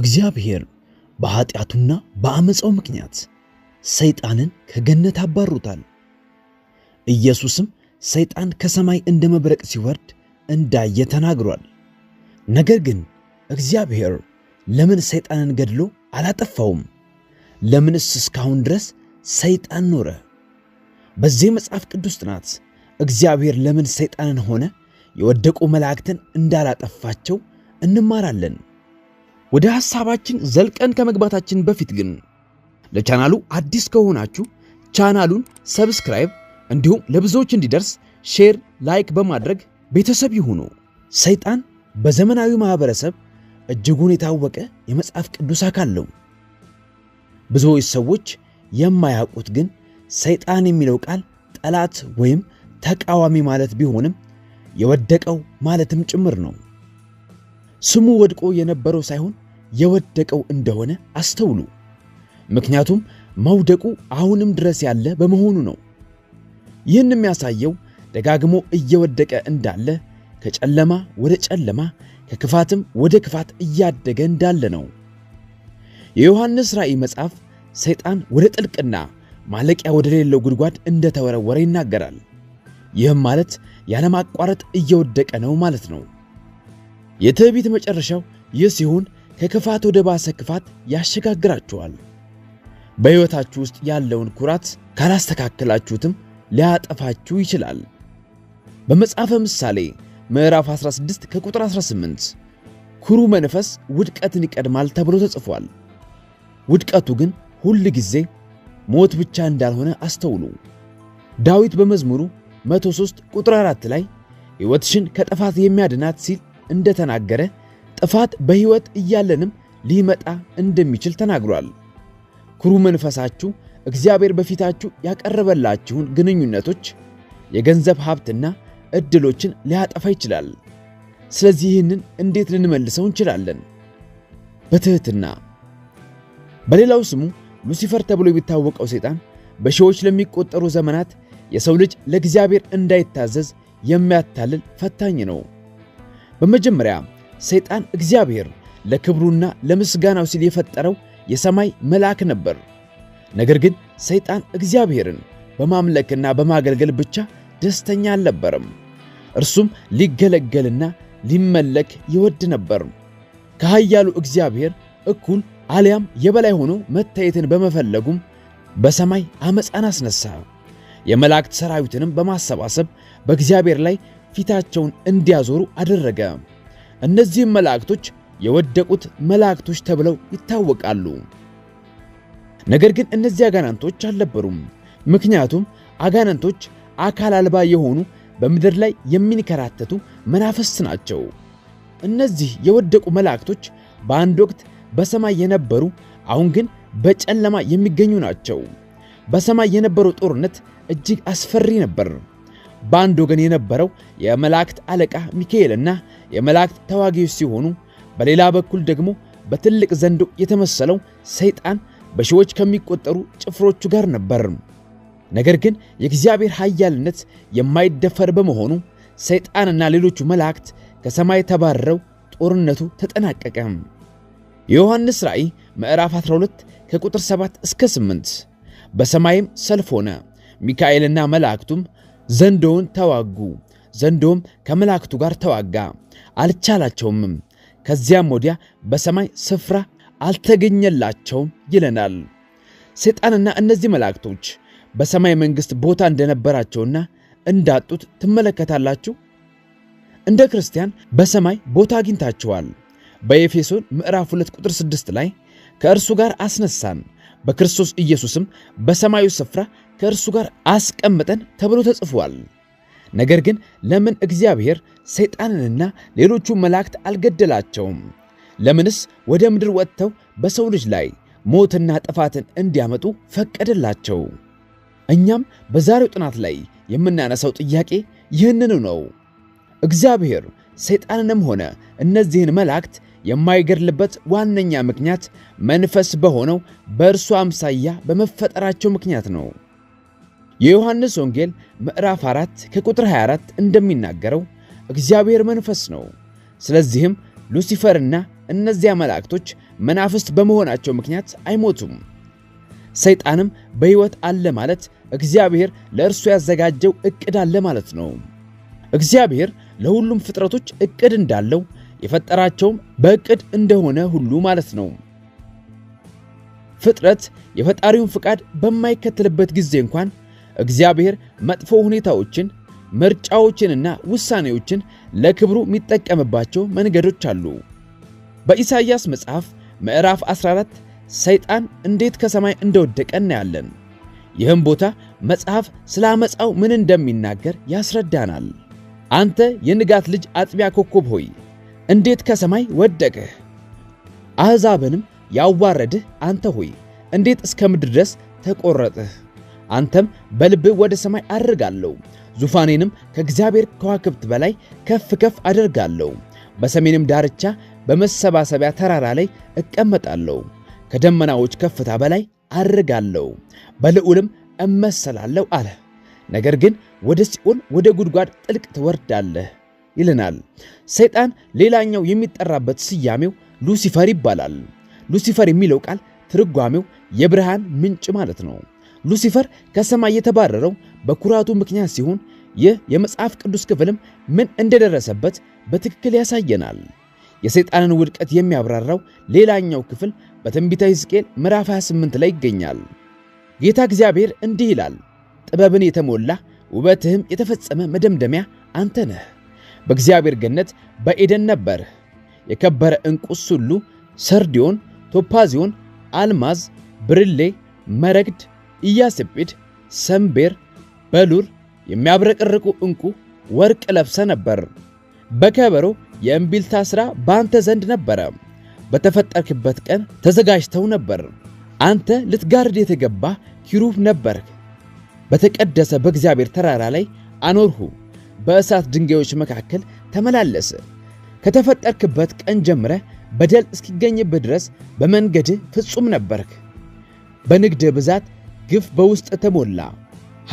እግዚአብሔር በኃጢአቱና በአመፃው ምክንያት ሰይጣንን ከገነት አባሩታል። ኢየሱስም ሰይጣን ከሰማይ እንደ መብረቅ ሲወርድ እንዳየ ተናግሯል። ነገር ግን እግዚአብሔር ለምን ሰይጣንን ገድሎ አላጠፋውም? ለምንስ እስካሁን ድረስ ሰይጣን ኖረ? በዚህ መጽሐፍ ቅዱስ ጥናት እግዚአብሔር ለምን ሰይጣንን ሆነ የወደቁ መላእክትን እንዳላጠፋቸው እንማራለን። ወደ ሐሳባችን ዘልቀን ከመግባታችን በፊት ግን ለቻናሉ አዲስ ከሆናችሁ ቻናሉን ሰብስክራይብ እንዲሁም ለብዙዎች እንዲደርስ ሼር፣ ላይክ በማድረግ ቤተሰብ ይሁኑ። ሰይጣን በዘመናዊ ማኅበረሰብ እጅጉን የታወቀ የመጽሐፍ ቅዱስ አካል ነው። ብዙዎች ሰዎች የማያውቁት ግን ሰይጣን የሚለው ቃል ጠላት ወይም ተቃዋሚ ማለት ቢሆንም የወደቀው ማለትም ጭምር ነው። ስሙ ወድቆ የነበረው ሳይሆን የወደቀው እንደሆነ አስተውሉ። ምክንያቱም መውደቁ አሁንም ድረስ ያለ በመሆኑ ነው። ይህን የሚያሳየው ደጋግሞ እየወደቀ እንዳለ ከጨለማ ወደ ጨለማ ከክፋትም ወደ ክፋት እያደገ እንዳለ ነው። የዮሐንስ ራእይ መጽሐፍ ሰይጣን ወደ ጥልቅና ማለቂያ ወደ ሌለው ጉድጓድ እንደተወረወረ ይናገራል። ይህም ማለት ያለማቋረጥ እየወደቀ ነው ማለት ነው። የትዕቢት መጨረሻው ይህ ሲሆን ከክፋት ወደ ባሰ ክፋት ያሸጋግራችኋል። በሕይወታችሁ ውስጥ ያለውን ኩራት ካላስተካከላችሁትም ሊያጠፋችሁ ይችላል። በመጽሐፈ ምሳሌ ምዕራፍ 16 ከቁጥር 18 ኩሩ መንፈስ ውድቀትን ይቀድማል ተብሎ ተጽፏል። ውድቀቱ ግን ሁል ጊዜ ሞት ብቻ እንዳልሆነ አስተውሉ። ዳዊት በመዝሙሩ 103 ቁጥር 4 ላይ ሕይወትሽን ከጥፋት የሚያድናት ሲል እንደተናገረ ጥፋት በሕይወት እያለንም ሊመጣ እንደሚችል ተናግሯል። ኩሩ መንፈሳችሁ እግዚአብሔር በፊታችሁ ያቀረበላችሁን ግንኙነቶች፣ የገንዘብ ሀብትና እድሎችን ሊያጠፋ ይችላል። ስለዚህ ይህንን እንዴት ልንመልሰው እንችላለን? በትህትና። በሌላው ስሙ ሉሲፈር ተብሎ የሚታወቀው ሰይጣን በሺዎች ለሚቆጠሩ ዘመናት የሰው ልጅ ለእግዚአብሔር እንዳይታዘዝ የሚያታልል ፈታኝ ነው። በመጀመሪያ ሰይጣን እግዚአብሔር ለክብሩና ለምስጋናው ሲል የፈጠረው የሰማይ መልአክ ነበር። ነገር ግን ሰይጣን እግዚአብሔርን በማምለክና በማገልገል ብቻ ደስተኛ አልነበረም። እርሱም ሊገለገልና ሊመለክ ይወድ ነበር። ከኃያሉ እግዚአብሔር እኩል አሊያም የበላይ ሆኖ መታየትን በመፈለጉም በሰማይ አመፃን አስነሳ። የመላእክት ሰራዊትንም በማሰባሰብ በእግዚአብሔር ላይ ፊታቸውን እንዲያዞሩ አደረገ። እነዚህም መላእክቶች የወደቁት መላእክቶች ተብለው ይታወቃሉ። ነገር ግን እነዚህ አጋናንቶች አልነበሩም። ምክንያቱም አጋናንቶች አካል አልባ የሆኑ በምድር ላይ የሚንከራተቱ መናፍስት ናቸው። እነዚህ የወደቁ መላእክቶች በአንድ ወቅት በሰማይ የነበሩ አሁን ግን በጨለማ የሚገኙ ናቸው። በሰማይ የነበረው ጦርነት እጅግ አስፈሪ ነበር። በአንድ ወገን የነበረው የመላእክት አለቃ ሚካኤልና የመላእክት ተዋጊዎች ሲሆኑ፣ በሌላ በኩል ደግሞ በትልቅ ዘንዶ የተመሰለው ሰይጣን በሺዎች ከሚቆጠሩ ጭፍሮቹ ጋር ነበር። ነገር ግን የእግዚአብሔር ኃያልነት የማይደፈር በመሆኑ ሰይጣንና ሌሎቹ መላእክት ከሰማይ ተባረው ጦርነቱ ተጠናቀቀ። የዮሐንስ ራእይ ምዕራፍ 12 ከቁጥር 7 እስከ 8 በሰማይም ሰልፍ ሆነ፣ ሚካኤልና መላእክቱም ዘንዶውን ተዋጉ። ዘንዶም ከመላእክቱ ጋር ተዋጋ፣ አልቻላቸውም። ከዚያም ወዲያ በሰማይ ስፍራ አልተገኘላቸውም ይለናል። ሰይጣንና እነዚህ መላእክቶች በሰማይ መንግሥት ቦታ እንደነበራቸውና እንዳጡት ትመለከታላችሁ። እንደ ክርስቲያን በሰማይ ቦታ አግኝታችኋል። በኤፌሶን ምዕራፍ 2 ቁጥር 6 ላይ ከእርሱ ጋር አስነሳን በክርስቶስ ኢየሱስም በሰማዩ ስፍራ ከእርሱ ጋር አስቀምጠን ተብሎ ተጽፏል። ነገር ግን ለምን እግዚአብሔር ሰይጣንንና ሌሎቹ መላእክት አልገደላቸውም? ለምንስ ወደ ምድር ወጥተው በሰው ልጅ ላይ ሞትና ጥፋትን እንዲያመጡ ፈቀደላቸው? እኛም በዛሬው ጥናት ላይ የምናነሳው ጥያቄ ይህንኑ ነው። እግዚአብሔር ሰይጣንንም ሆነ እነዚህን መላእክት የማይገድልበት ዋነኛ ምክንያት መንፈስ በሆነው በእርሱ አምሳያ በመፈጠራቸው ምክንያት ነው። የዮሐንስ ወንጌል ምዕራፍ 4 ከቁጥር 24 እንደሚናገረው እግዚአብሔር መንፈስ ነው። ስለዚህም ሉሲፈርና እነዚያ መላእክቶች መናፍስት በመሆናቸው ምክንያት አይሞቱም። ሰይጣንም በሕይወት አለ ማለት እግዚአብሔር ለእርሱ ያዘጋጀው ዕቅድ አለ ማለት ነው። እግዚአብሔር ለሁሉም ፍጥረቶች ዕቅድ እንዳለው የፈጠራቸውም በእቅድ እንደሆነ ሁሉ ማለት ነው። ፍጥረት የፈጣሪውን ፍቃድ በማይከተልበት ጊዜ እንኳን እግዚአብሔር መጥፎ ሁኔታዎችን፣ ምርጫዎችንና ውሳኔዎችን ለክብሩ የሚጠቀምባቸው መንገዶች አሉ። በኢሳይያስ መጽሐፍ ምዕራፍ 14 ሰይጣን እንዴት ከሰማይ እንደወደቀ እናያለን። ይህም ቦታ መጽሐፍ ስለ አመፃው ምን እንደሚናገር ያስረዳናል። አንተ የንጋት ልጅ አጥቢያ ኮከብ ሆይ እንዴት ከሰማይ ወደቅህ? አሕዛብንም ያዋረድህ አንተ ሆይ እንዴት እስከ ምድር ድረስ ተቆረጥህ? አንተም በልብህ ወደ ሰማይ አድርጋለሁ፣ ዙፋኔንም ከእግዚአብሔር ከዋክብት በላይ ከፍ ከፍ አደርጋለሁ። በሰሜንም ዳርቻ በመሰባሰቢያ ተራራ ላይ እቀመጣለሁ፣ ከደመናዎች ከፍታ በላይ አድርጋለሁ፣ በልዑልም እመሰላለሁ አለ። ነገር ግን ወደ ሲኦል ወደ ጉድጓድ ጥልቅ ትወርዳለህ ይለናል። ሰይጣን ሌላኛው የሚጠራበት ስያሜው ሉሲፈር ይባላል። ሉሲፈር የሚለው ቃል ትርጓሜው የብርሃን ምንጭ ማለት ነው። ሉሲፈር ከሰማይ የተባረረው በኩራቱ ምክንያት ሲሆን ይህ የመጽሐፍ ቅዱስ ክፍልም ምን እንደደረሰበት በትክክል ያሳየናል። የሰይጣንን ውድቀት የሚያብራራው ሌላኛው ክፍል በትንቢተ ሕዝቅኤል ምዕራፍ 28 ላይ ይገኛል። ጌታ እግዚአብሔር እንዲህ ይላል፣ ጥበብን የተሞላ ውበትህም የተፈጸመ መደምደሚያ አንተ ነህ። በእግዚአብሔር ገነት በኤደን ነበር። የከበረ ዕንቁ ሁሉ ሰርዲዮን፣ ቶፓዚዮን፣ አልማዝ፣ ብርሌ፣ መረግድ፣ ኢያስጲድ፣ ሰምቤር፣ በሉር የሚያብረቀርቁ ዕንቁ ወርቅ ለብሰ ነበር። በከበሮ የእምቢልታ ሥራ በአንተ ዘንድ ነበረ። በተፈጠርክበት ቀን ተዘጋጅተው ነበር። አንተ ልትጋርድ የተገባ ኪሩብ ነበርክ። በተቀደሰ በእግዚአብሔር ተራራ ላይ አኖርሁ። በእሳት ድንጋዮች መካከል ተመላለሰ። ከተፈጠርክበት ቀን ጀምረህ በደል እስኪገኝብህ ድረስ በመንገድህ ፍጹም ነበርክ። በንግድህ ብዛት ግፍ በውስጥ ተሞላ፣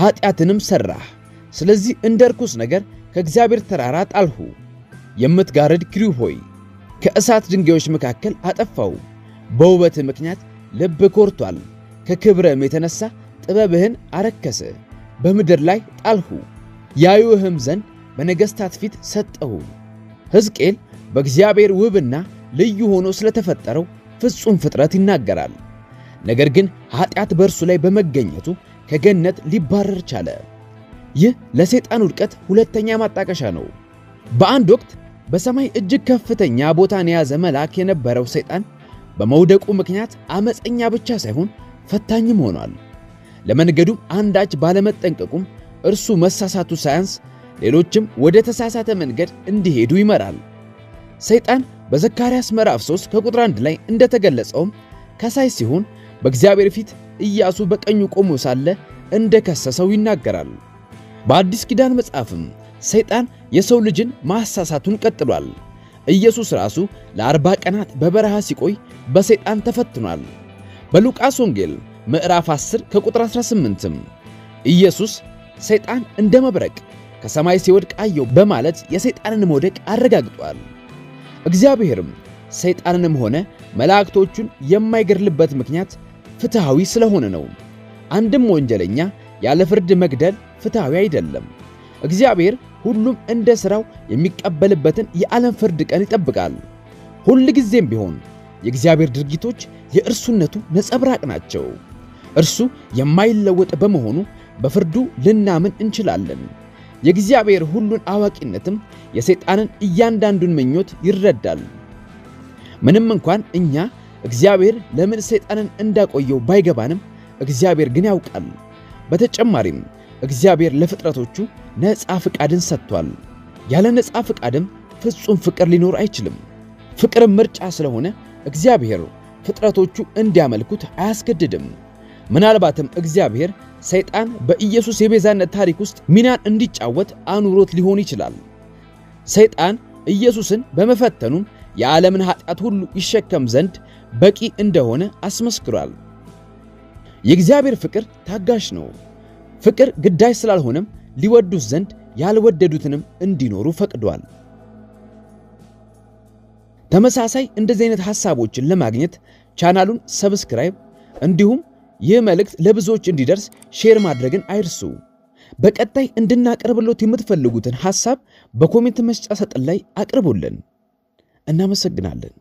ኀጢአትንም ሠራህ። ስለዚህ እንደ ርኩስ ነገር ከእግዚአብሔር ተራራ ጣልሁ። የምትጋርድ ኪሩብ ሆይ ከእሳት ድንጋዮች መካከል አጠፋው። በውበት ምክንያት ልብ ኮርቷል፣ ከክብረም የተነሣ ጥበብህን አረከሰ፣ በምድር ላይ ጣልሁ። ያዩህም ዘንድ በነገሥታት ፊት ሰጠሁ። ሕዝቅኤል በእግዚአብሔር ውብና ልዩ ሆኖ ስለተፈጠረው ፍጹም ፍጥረት ይናገራል። ነገር ግን ኃጢአት በእርሱ ላይ በመገኘቱ ከገነት ሊባረር ቻለ። ይህ ለሰይጣን ውድቀት ሁለተኛ ማጣቀሻ ነው። በአንድ ወቅት በሰማይ እጅግ ከፍተኛ ቦታን የያዘ መልአክ የነበረው ሰይጣን በመውደቁ ምክንያት ዓመፀኛ ብቻ ሳይሆን ፈታኝም ሆኗል። ለመንገዱም አንዳች ባለመጠንቀቁም እርሱ መሳሳቱ ሳያንስ ሌሎችም ወደ ተሳሳተ መንገድ እንዲሄዱ ይመራል። ሰይጣን በዘካርያስ ምዕራፍ 3 ከቁጥር 1 ላይ እንደተገለጸውም ከሳይ ሲሆን በእግዚአብሔር ፊት ኢያሱ በቀኙ ቆሞ ሳለ እንደከሰሰው ይናገራል። በአዲስ ኪዳን መጽሐፍም ሰይጣን የሰው ልጅን ማሳሳቱን ቀጥሏል። ኢየሱስ ራሱ ለአርባ ቀናት በበረሃ ሲቆይ በሰይጣን ተፈትኗል። በሉቃስ ወንጌል ምዕራፍ 10 ከቁጥር 18 ኢየሱስ ሰይጣን እንደ መብረቅ ከሰማይ ሲወድቅ አየው በማለት የሰይጣንን መውደቅ አረጋግጧል። እግዚአብሔርም ሰይጣንንም ሆነ መላእክቶቹን የማይገድልበት ምክንያት ፍትሐዊ ስለሆነ ነው። አንድም ወንጀለኛ ያለ ፍርድ መግደል ፍትሐዊ አይደለም። እግዚአብሔር ሁሉም እንደ ሥራው የሚቀበልበትን የዓለም ፍርድ ቀን ይጠብቃል። ሁል ጊዜም ቢሆን የእግዚአብሔር ድርጊቶች የእርሱነቱ ነጸብራቅ ናቸው። እርሱ የማይለወጥ በመሆኑ በፍርዱ ልናምን እንችላለን። የእግዚአብሔር ሁሉን አዋቂነትም የሰይጣንን እያንዳንዱን ምኞት ይረዳል። ምንም እንኳን እኛ እግዚአብሔር ለምን ሰይጣንን እንዳቆየው ባይገባንም እግዚአብሔር ግን ያውቃል። በተጨማሪም እግዚአብሔር ለፍጥረቶቹ ነፃ ፍቃድን ሰጥቷል። ያለ ነፃ ፍቃድም ፍጹም ፍቅር ሊኖር አይችልም። ፍቅርም ምርጫ ስለሆነ እግዚአብሔር ፍጥረቶቹ እንዲያመልኩት አያስገድድም። ምናልባትም እግዚአብሔር ሰይጣን በኢየሱስ የቤዛነት ታሪክ ውስጥ ሚናን እንዲጫወት አኑሮት ሊሆን ይችላል። ሰይጣን ኢየሱስን በመፈተኑም የዓለምን ኃጢአት ሁሉ ይሸከም ዘንድ በቂ እንደሆነ አስመስክሯል። የእግዚአብሔር ፍቅር ታጋሽ ነው። ፍቅር ግዳይ ስላልሆነም ሊወዱት ዘንድ ያልወደዱትንም እንዲኖሩ ፈቅዷል። ተመሳሳይ እንደዚህ አይነት ሐሳቦችን ለማግኘት ቻናሉን ሰብስክራይብ እንዲሁም ይህ መልእክት ለብዙዎች እንዲደርስ ሼር ማድረግን አይርሱ። በቀጣይ እንድናቀርብሎት የምትፈልጉትን ሐሳብ በኮሜንት መስጫ ሰጥን ላይ አቅርቡልን። እናመሰግናለን።